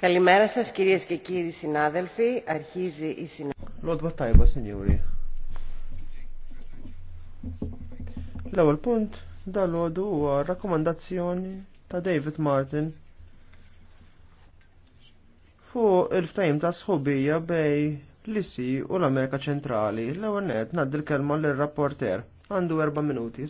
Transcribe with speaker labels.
Speaker 1: Καλημέρα σας κυρίες και κύριοι συνάδελφοι. Αρχίζει η συνάδελφη. Λόδβα Τάιβα,
Speaker 2: L-ewwel punt dal-għodu huwa rakkomandazzjoni ta' David Martin fuq il-ftajm ta' sħubija bej l-ISI u l-Amerika Ċentrali. L-ewwel nett ngħaddi l-kelma lir-rapporter għandu erba' minuti.